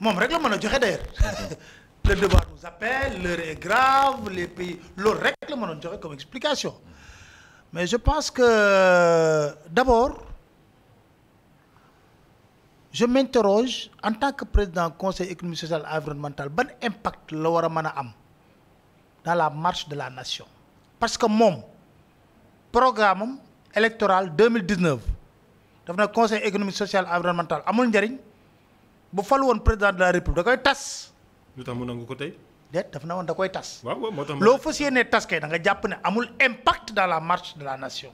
moom rek la mën a joxe d'ailleurs le devoir nous appelle l'heure est grave les pays loolu rek la mënoon joxe comme explication mais je pense que d'abord je m'interroge en tant que président conseil économique social et environnemental impact la war a mën a am dans la marche de la nation parce que moom programme mille électoral 2019 daf na conseil économique sociale et amul njariñ bu fal woon président de la république da koy tas. lu mu nangu ko tey. daf na woon da koy tas. waaw moo tax loo fas yéenee tas kay da nga jàpp ne amul impact dans la marche de la nation.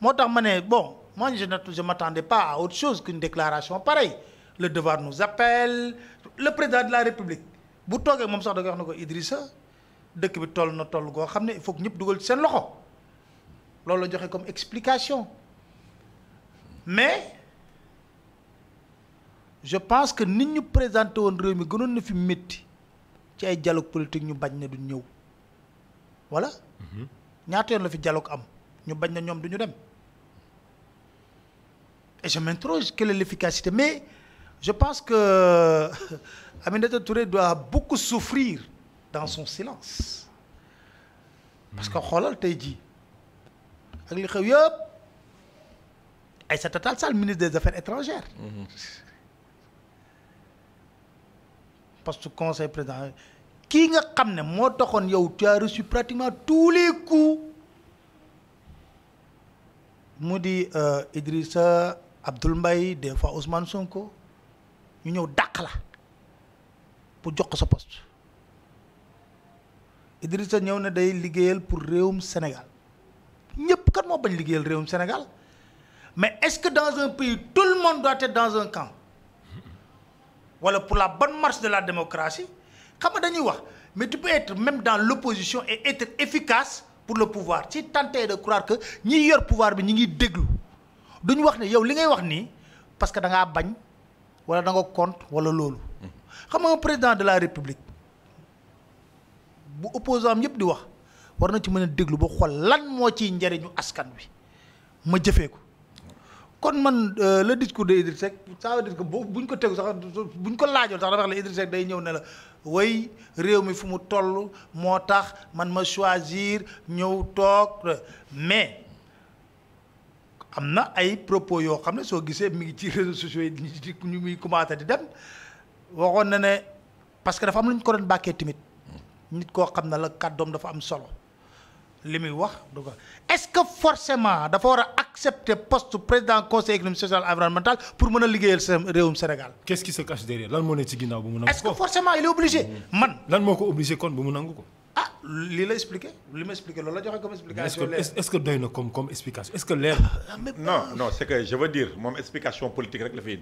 moo tax ma ne bon moi je ne je m'attendais pas à autre chose qu'une déclaration pareille le devoir nous appelle le président de la république bu toogee moom sax da koy wax ne ko sa dëkk bi toll na toll goo xam ne il faut que ñëpp dugal seen loxo loolu la joxe comme explication mais. je pense que nit ñu présenté woon réew mi gënoon na fi métti ci ay dialogue politique ñu bañ na du ñëw walla mm-hmm. ñaata yoon la fi dialogue am ñu bañ na ñoom du ñu dem et je m'interroge quelle est l'efficacité mais je pense que Aminata Touré doit beaucoup souffrir dans son silence parce que mm-hmm. xoolal tey jii ak li xew yëpp Aïssata Tall Sall ministre des affaires étrangères mm-hmm. parce que conseil président kii nga xam ne moo toxoon yow tu as reçu pratiquement tous les coups mu di euh, Idrissa Abdoul mbay des fois Ousmane Sonko ñu ñëw dàq la pour jox ko sa poste sa ñëw na day liggéeyal pour réewum Sénégal ñëpp kan moo bañ liggéeyal réewum Sénégal mais est-ce que dans un pays tout le monde doit être dans un camp wala pour la bonne marche de la démocratie xam nga dañuy wax mais tu peux être même dans l'opposition et être efficace pour le pouvoir ci tenter de croire que ñiy yor pouvoir bi ñi ngi déglu duñu wax ne yow li ngay wax nii parce que da ngaa bañ wala da nga compte wala loolu xam nga président de la république bu opposant am di wax war na ci mën a déglu ba xool lan moo ciy njëriñu askan wi ma jëfee ko kon man euh, le discours de Idriss Seck ça veut dire bu buñ ko tegu sax buñ ko laajoo sax dafa wax la Idriss Seck day ñëw ne la way réew mi fu mu toll moo tax man ma choisir ñëw toog mais am na ay propos yoo xam ne soo gisee mi ngi ci réseaux sociaux yi ñu muy commencé di dem waxoon na ne parce que dafa am lu ñu ko doon bàkkee tamit nit koo xam na la kàddoom dafa am solo li muy wax du ko est-ce que forcément dafa war a accepter poste président conseil économique social environnemental pour mën a liggéeyal sa réewum Sénégal. qu'est-ce derrière lan moo ne ci ginnaaw bu mu nangu ko est-ce que forcément il est mm-hmm. man. lan moo ko obligé kon bu mu nangu ko. ah lii la expliqué li ma expliqué loolu la joxe comme explication. est-ce que est-ce que doy na comme comme explication est-ce que leer. Ah, non non c'est que je veux dire moom explication politique rek la fi indi.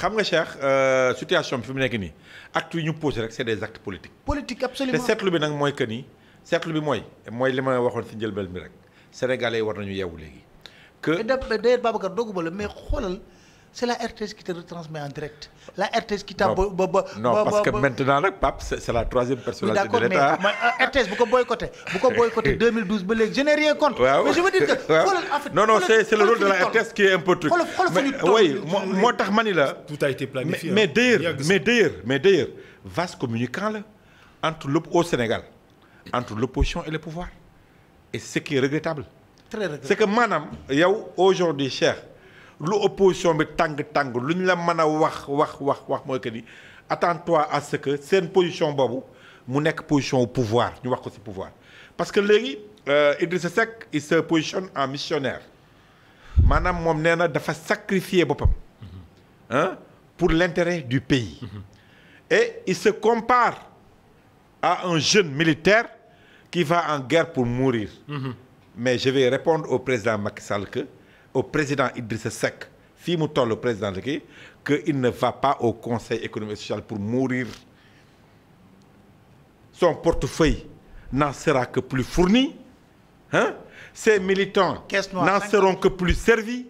xam nga euh, mu nekk nii actes yi ñu bi nag mooy que ni. seetlu bi mooy mooy li ma waxoon si njëlbeen bi rek sénégalais yi war nañu yeewu léegi. que d'ailleurs Babacar dogguma la mais xoolal c'est la RTS qui te retransmet en direct. la RTS qui t'a. ba ba non parce que maintenant nag Pape c'est la troisième personnalité de l'État. mais RTS euh, bu ko boycotté bu ko boycotté 2012 ba léegi je n'ai rien contre. mais je veux dire que xoolal en fait. non non c'est c'est le rôle de la RTS qui est un peu truc. xoolal xoolal fa ñu toll oui moo tax ma ni la. tout a été planifié mais d'ailleurs mais d'ailleurs mais d'ailleurs vaste communicant la entre lépp au Sénégal. entre l'opposition et le pouvoir et ce qui est regrettable très regrettable c'est que maanaam yow aujourd'hui cher lu opposition bi tàng-tàng lu ñu la mën a wax wax wax wax mooy que ni attends-toi à ce que seen position boobu mu nekk position au pouvoir ñu wax ko si pouvoir parce que léegi euh, Idrissa Seck il se positionne en missionnaire maanaam moom nee na dafa sacrifier boppam ah pour l'intérêt du pays mm-hmm. et il se compare à un jeune militaire qui va en guerre pour mourir. Mhm. mais je vais répondre au président Macky Sall que au président Idrissa Seck fii mu toll président kii que il ne va pas au conseil économique et social pour mourir son portefeuille n'en sera que plus fourni hein ses militants n'en seront que plus servis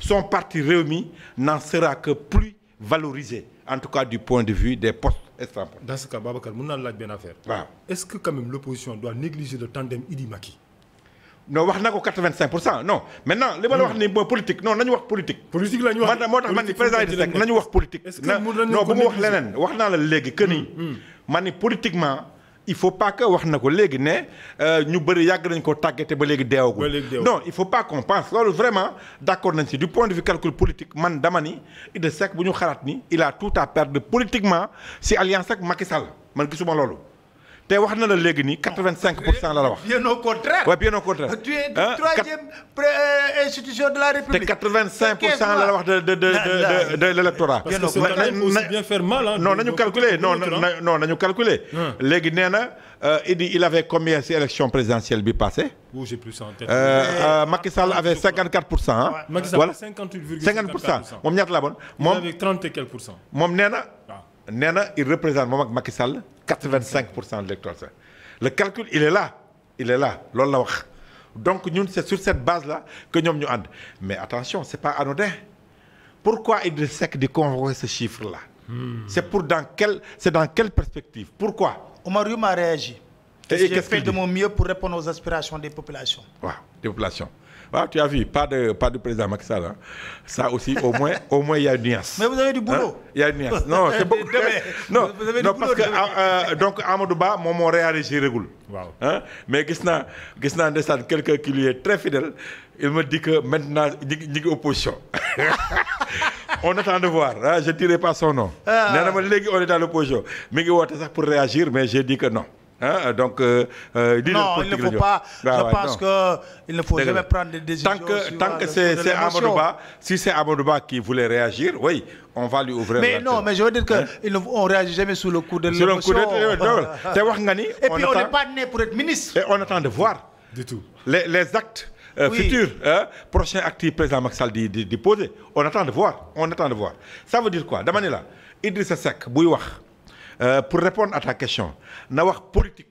son parti Rewmi n'en sera que plus valorisé en tout cas du point de vue des postes extraordinaire. dans ce cas Babacar mën naa laaj waaw est-ce que l'opposition doit négliger le tandem Idy Macky. non wax na ko quatre vingt li ma la wax hmm. ni mooy politique non nañu wax politique. moo tax man ni nañu wax politique. est bu mu wax leneen wax naa la léegi que hmm, hmm. man ni politiquement. il faut pas que wax na ko léegi ne euh, ñu bëri yàgg nañ ko tàggate ba léegi deewagul non il faut pas qu'on pense loolu vraiment d'accord nañ si du point de vue calcul politique man dama ni Idrissa Seck bu ñu xalaat ni il a tout à perdre politiquement si alliance ak Macky Sall man gisuma loolu te wax na la léegi nii quatre-vingt-cinq pour cent la la wax. bien au contraire waaw euh, de la république. te quatre-vingt-cinq pour la la wax de de de de de l'électorat. parce que ça va aussi bien faire mal non nañu calculer non non calculer. léegi nee na euh, Idi il avait combien si élection présidentielle bi passée. ou j'ai plus ça en tête. Euh, Macky pour cent ah. Macky Sall 58 virgule moom ñaata laa bon. moom avec 30 pour moom nee na. Ah. nee na il représente moom ak Macky Sall 85 pour cent de le calcul il est là il est là loolu la wax donc ñun c'est sur cette base là que ñoom ñu ànd mais attention c'est pas anodin pourquoi Idriss Seck di convoquer ce chiffre là. Hmm. c'est pour dans quelle c'est dans quelle perspective pourquoi. Omar Youm a réagi. j'ai fait de mon mieux pour répondre aux aspirations des populations. waaw des populations. waaw ah, tu as vu pas de président Macky Sall ça aussi au moins au moins il y mais vous avez du boulot. il y a une nuance non c'est non non parce que ah, euh, donc Amadou Ba moom moo réagir régul. waaw mais gis naa gis naa ndeysaan quelqu'un qui lui est très fidèle il me dit que maintenant ñi ngi opposition. on attend de voir je dirai pas son nom. Ah. nee na ma léegi on est dans l'opposition mi ngi woote sax pour réagir mais j'ai dit que non. Euh, euh, euh, ah donc. lii la politique il ne faut pas il ne faut prendre des décisions. tant c'est c'est Amadou Ba si c'est Amadou Ba qui voulait réagir oui on va lui ouvrir. mais non je veux dire que ne réagit jamais sous le coup de l'émotion sur wax nga ni. et on n'est pas né pour être ministre. et on attend de voir. les les actes. Euh, oui. futur euh, président Macky Sall poser on attend de de voir ça veut dire quoi dama ne la Idrissa Seck buy wax. euh, pour répondre à ta question na wax politique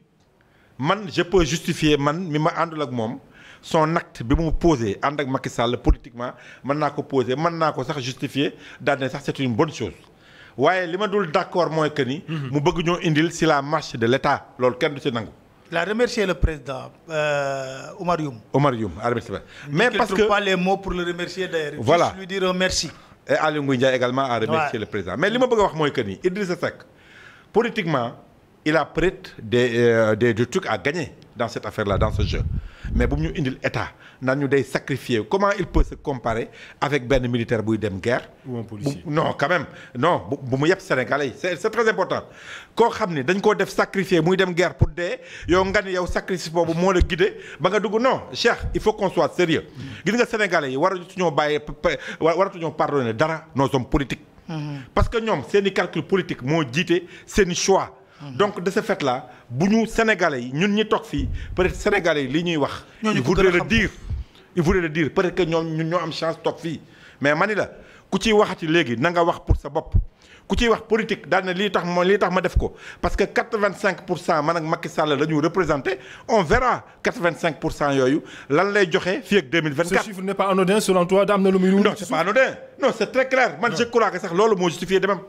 man je peux justifier man mi ma àndul ak moom son acte bi mu posé ànd ak Macky Sall politiquement man naa ko posé mën naa ko sax justifier daal ne sax c'est une bonne chose waaye li ma dul d'accord mooy que ni. Mhm. mu bëgg ñoo indil si la marche de l'État loolu kenn du si nangu. la remercier le président euh, Omar Youm. mais parce que voilà et Aliou Ngouille Ndiaye également à remercier le président mais li ma bëgg a wax mooy que ni Idrissa politiquement il a peut de des euh, des des trucs à dans cette affaire-là dans ce jeu mais bu mu ñu indil état na ñu day sacrifier comment il peut se comparer avec benn militaire buy dem guerre. ou un policier no quand même bu bu mu yëpp Sénégalais yi c'est c'est très important koo xam ni dañ koo def sacrifier muy dem guerre pour dee yow nga ni yow sacrifice boobu moo la guidé ba nga dugg non Cheikh il faut qu'on soit sérieux mm. gis nga Sénégalais yi waratuñoo bàyyi waratuñoo pardonner dara nos hommes politiques. Mm-hmm. parce que ñoom seen i calcul politique moo jiite seeni i choix. Mm-hmm. donc de ce fait là bu ñu sénégalais yi ñun ñi toog fii peut-être sénégalais yi li ñuy wax. ñooñu il voudrait le dire il voudrait le dire peut-être que ñoom ñun ñoo am chance toog fii mais mani la. ku ciy waxati léegi na nga wax pour sa bopp ku ci wax politique daal ne lii tax ma lii tax ma def ko parce que quatre vingt cinq pour cent man ak Macky Sall la ñu représenté on verra quatre vingt cinq pour cent yooyu lan lay joxe fii ak deux mille vingt quatre. ce chiffre n'est pas anodin selon toi da am na lu muy. loolu moo justifié demam.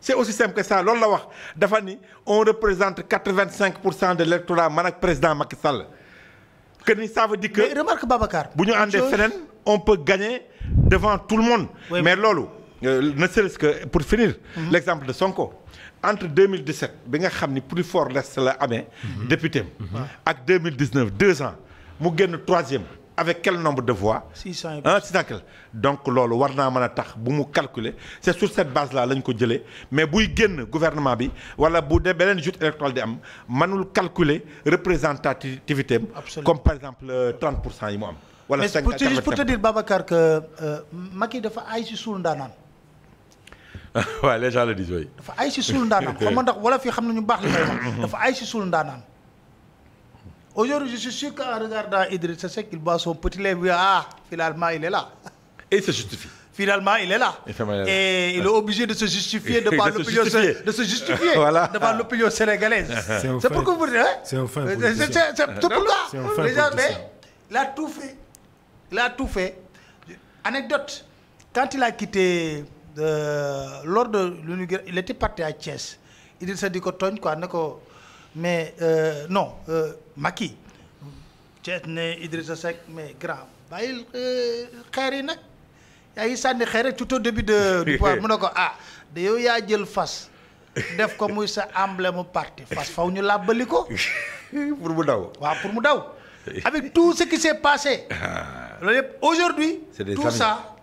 c'est aussi simple que ça loolu la wax dafa ni on représente quatre vingt cinq pour cent de l'électorat man ak président Macky Sall que ni ça veut dire que. mais remarque Babacar. bu ñu àndee feneen devant tout le monde. Oui, mais loolu euh, ne serait-ce que pour finir. Mm-hmm. l'exemple de Sonko. entre 2017 bi nga xam ni plus fort l'est la amee. Mhm. député ak deux 2019 deux ans mu génn troisième. avec quel nombre de voix. 600 et plus 600 donc loolu war naa mën a tax bu mu calculer c'est sur cette base la lañ ko jëlee mais buy génn gouvernement bi wala bu dee beneen joute électorale di am mënul calculer représentativité am. comme par exemple 30 euh, pour cent yi mu am. wala cinq pour te dire Babacar que euh, Macky dafa aay si suul ndaanaan. waaw les dafa ay si suul ndaanaan xam nga ndax wala fii xam nañu baax li may wax. dafa aay si suul ndaanaan. aujourd'hui je suis sûr qu'en regardant Idrissa Seck il boit son petit lait bi ah finalement il est là. et il se euh, de se justifier devant l'opinion de se justifier sénégalaise. c'est pour que vous dire. c'est c'est pour ça. tout fait. il a tout fait anecdote quand il a quitté euh, lors de l'université il était parti à di ko tooñ quoi na ko mais euh, non euh, Macky Thiès ne sa Seck mais grand bàyyil euh, xeer yi nag yaa ngi sànni xeer rek tout au début de du pouvoir mu ne ko ah da yow yaa jël fas def ko muy sa emblème parti fas faw ñu làbbali ko pour mu daw waaw pour mu daw avec tout ce qui s'est passé ah. loolu yëpp aujourd'hui c'est des tout amis. ça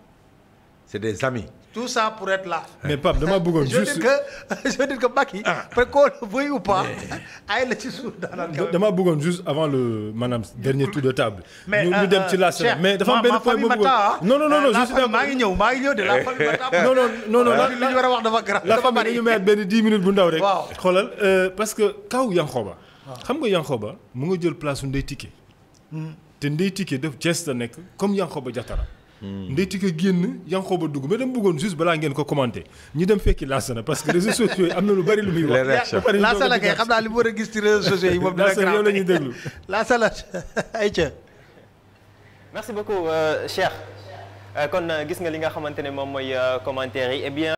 c'est des amis tout ça pour être là mais Pape dama bëggoon juste je veux dire que Macky ah. qu'on le veuille ou pas ay la ci suuf daanaka dama bëggoon juste avant le maanaam dernier tour de table ñu euh, dem ci la semaine mais dafa am benn point boobu non non non euh, non juste maa ngi ñëw maa ngi ñëw de la famille Mata non non non non li ñu war a wax dafa grave dafa bari ñu met benn dix minutes bu ndaw rek xoolal euh, parce que kaw Yankoba xam nga Yankoba mu nga jël place u Ndeye Tické hmm. te Ndeye Tické def Thiès la nekk comme Yankhoba Diattara. Hmm. Ndeye Tické génn Yankhoba dugg mais dama bëggoon juste balaa ngeen ko commenté ñu dem fekki na parce que réseaux sociaux yi am na lu bari lu muy wax. Lassana kay xam naa li mu war a gis ci réseaux sociaux yi moom dina. Lassana yow la ñuy déglu Lassana ayca. merci beaucoup euh, Cheikh euh, kon euh, gis nga li nga xamante ne moom mooy commentaire yi eh